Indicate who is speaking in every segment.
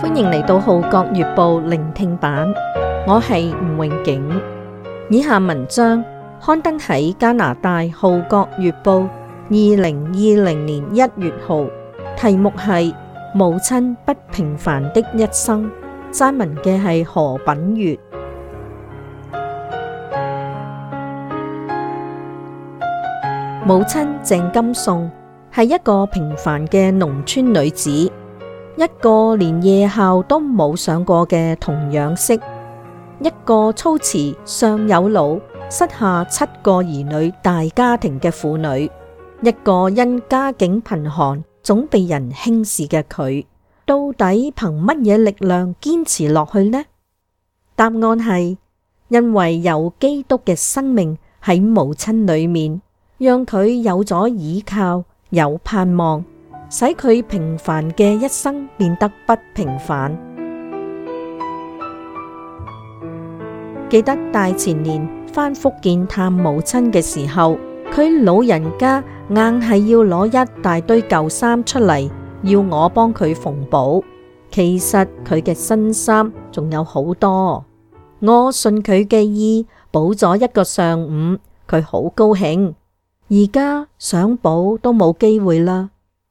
Speaker 1: 歡迎嚟到《號角月報》聆聽版，我係吳永景。以下文章刊登喺加拿大《號角月報》二零二零年一月號，題目係《母親不平凡的一生》，撰文嘅係何品月。母親鄭金宋係一個平凡嘅農村女子。一個連夜校都冇上過嘅童養媳，一個操持上有老、膝下七個兒女大家庭嘅婦女，一個因家境貧寒總被人輕視嘅佢，到底憑乜嘢力量堅持落去呢？答案係因為有基督嘅生命喺母親裏面，讓佢有咗倚靠，有盼望。使佢平凡嘅一生變得不平凡。記得大前年返福建探母親嘅時候，佢老人家硬係要攞一大堆舊衫出嚟，要我幫佢縫補。其實佢嘅新衫仲有好多，我順佢嘅意補咗一個上午，佢好高興。而家想補都冇機會啦。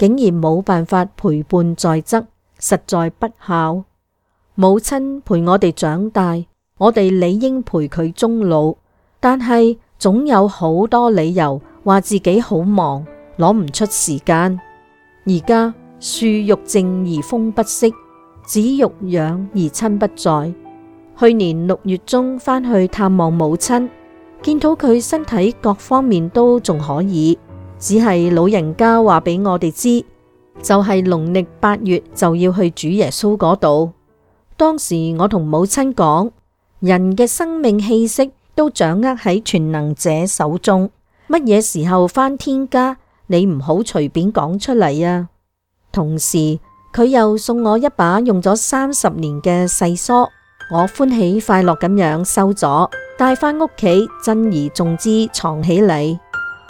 Speaker 1: 竟然冇辦法陪伴在側，實在不孝。母親陪我哋長大，我哋理應陪佢終老，但係總有好多理由話自己好忙，攞唔出時間。而家樹欲靜而風不息，子欲養而親不在。去年六月中返去探望母親，見到佢身體各方面都仲可以。只係老人家話俾我哋知，就係農曆八月就要去主耶穌嗰度。當時我同母親講，人嘅生命氣息都掌握喺全能者手中，乜嘢時候翻天家，你唔好隨便講出嚟啊。同時，佢又送我一把用咗三十年嘅細梳，我歡喜快樂咁樣收咗，帶翻屋企，珍而重之藏起嚟。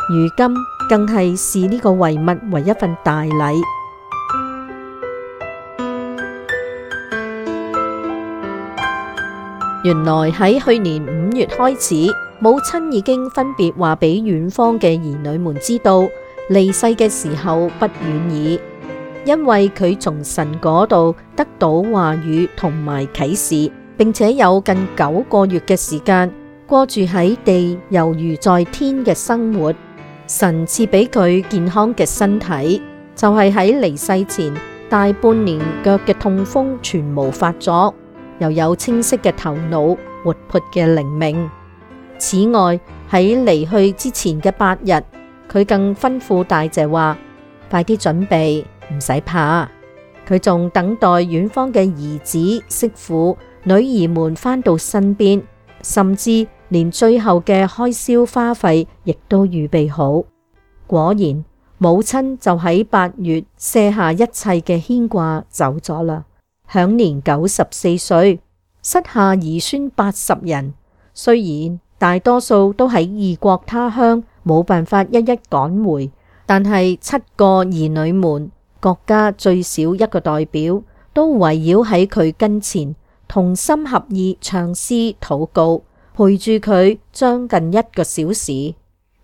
Speaker 1: 如今。更係視呢個遺物為一份大禮。原來喺去年五月開始，母親已經分別話俾遠方嘅兒女們知道，離世嘅時候不遠矣，因為佢從神嗰度得到話語同埋啟示，並且有近九個月嘅時間過住喺地，猶如在天嘅生活。神賜俾佢健康嘅身體，就係喺離世前大半年腳嘅痛風全無發作，又有清晰嘅頭腦、活潑嘅靈命。此外喺離去之前嘅八日，佢更吩咐大姐話：快啲準備，唔使怕。佢仲等待遠方嘅兒子、媳婦、女兒們返到身邊，甚至連最後嘅開銷花費亦都預備好。果然，母親就喺八月卸下一切嘅牽掛走咗啦，享年九十四歲，膝下兒孫八十人。雖然大多數都喺異國他鄉，冇辦法一一趕回，但係七個兒女們各家最少一個代表，都圍繞喺佢跟前，同心合意唱詩禱告，陪住佢將近一個小時。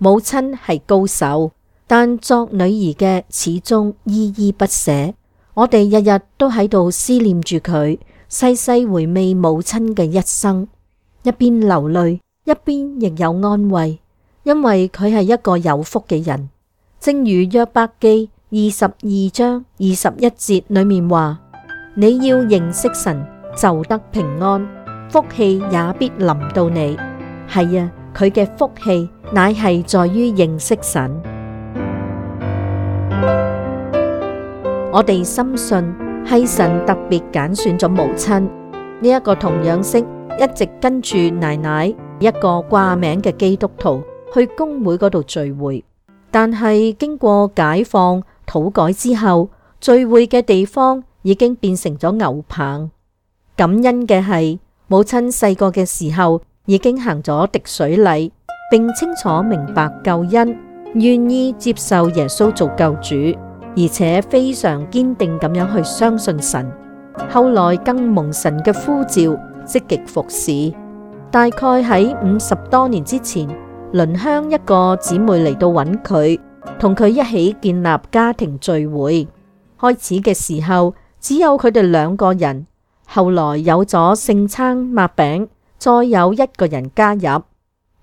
Speaker 1: 母親係高手，但作女兒嘅始終依依不捨。我哋日日都喺度思念住佢，細細回味母親嘅一生，一邊流淚，一邊亦有安慰，因為佢係一個有福嘅人。正如約伯記二十二章二十一節裏面話：你要認識神，就得平安，福氣也必臨到你。係啊，佢嘅福氣。乃係在於認識神。我哋深信係神特別揀選咗母親呢一個童養媳，一直跟住奶奶一個掛名嘅基督徒去公會嗰度聚會，但係經過解放土改之後，聚會嘅地方已經變成咗牛棚。感恩嘅係母親細個嘅時候已經行咗滴水禮。並清楚明白救恩，願意接受耶穌做救主，而且非常堅定咁樣去相信神。後來更蒙神嘅呼召，積極服侍。大概喺五十多年之前，鄰鄉一個姊妹嚟到揾佢，同佢一起建立家庭聚會。開始嘅時候只有佢哋兩個人，後來有咗聖餐擘餅，再有一個人加入。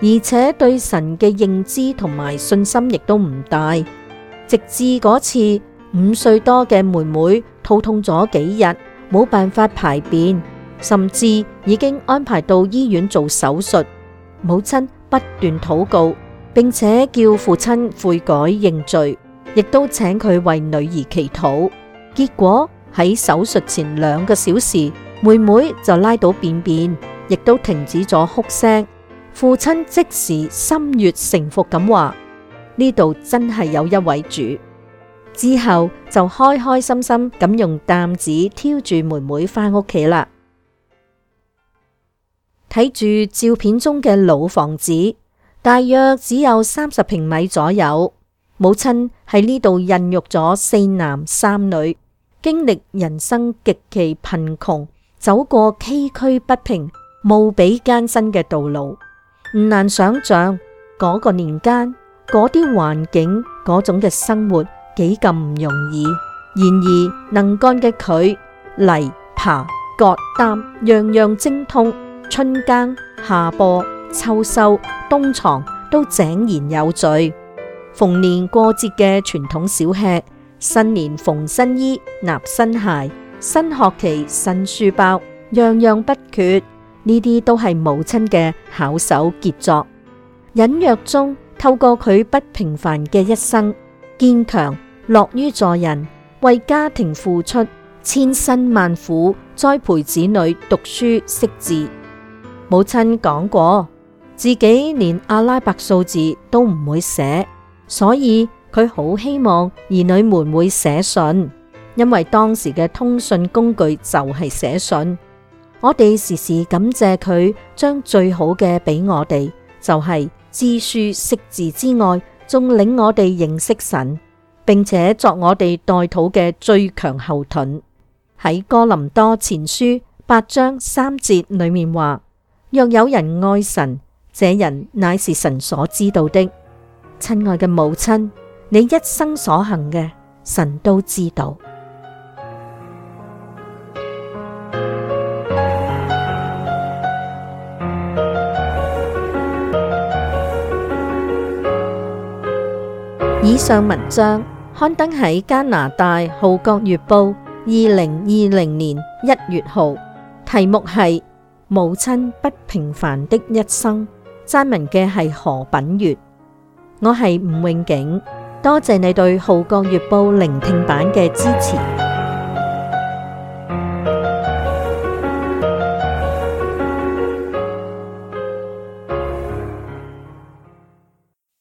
Speaker 1: 而且對神嘅認知同埋信心亦都唔大，直至嗰次五歲多嘅妹妹肚痛咗幾日，冇辦法排便，甚至已經安排到醫院做手術。母親不斷禱告，並且叫父親悔改認罪，亦都請佢為女兒祈禱。結果喺手術前兩個小時，妹妹就拉到便便，亦都停止咗哭聲。父親即時心悅誠服咁話：呢度真係有一位主。之後就開開心心咁用擔子挑住妹妹翻屋企啦。睇住照片中嘅老房子，大約只有三十平米左右。母親喺呢度孕育咗四男三女，經歷人生極其貧窮，走過崎嶇不平、無比艱辛嘅道路。唔難想象嗰個年間嗰啲環境嗰種嘅生活幾咁唔容易。然而能幹嘅佢犁耙割擔樣樣精通，春耕夏播秋收冬藏都井然有序。逢年過節嘅傳統小吃，新年縫新衣納新鞋，新學期新書包樣樣不缺。呢啲都係母親嘅巧手傑作，隱約中透過佢不平凡嘅一生，堅強、樂於助人，為家庭付出千辛萬苦，栽培子女讀書識字。母親講過，自己連阿拉伯數字都唔會寫，所以佢好希望兒女們會寫信，因為當時嘅通訊工具就係寫信。我哋時時感謝佢將最好嘅俾我哋，就係知書識字之外，仲領我哋認識神，並且作我哋代禱嘅最強後盾。喺哥林多前書八章三節裏面話：若有人愛神，這人乃是神所知道的。親愛嘅母親，你一生所行嘅，神都知道。以上文章刊登喺加拿大《號角月報》二零二零年一月號，題目係《母親不平凡的一生》，撰文嘅係何品月。我係吳永景，多謝你對《號角月報》聆聽版嘅支持。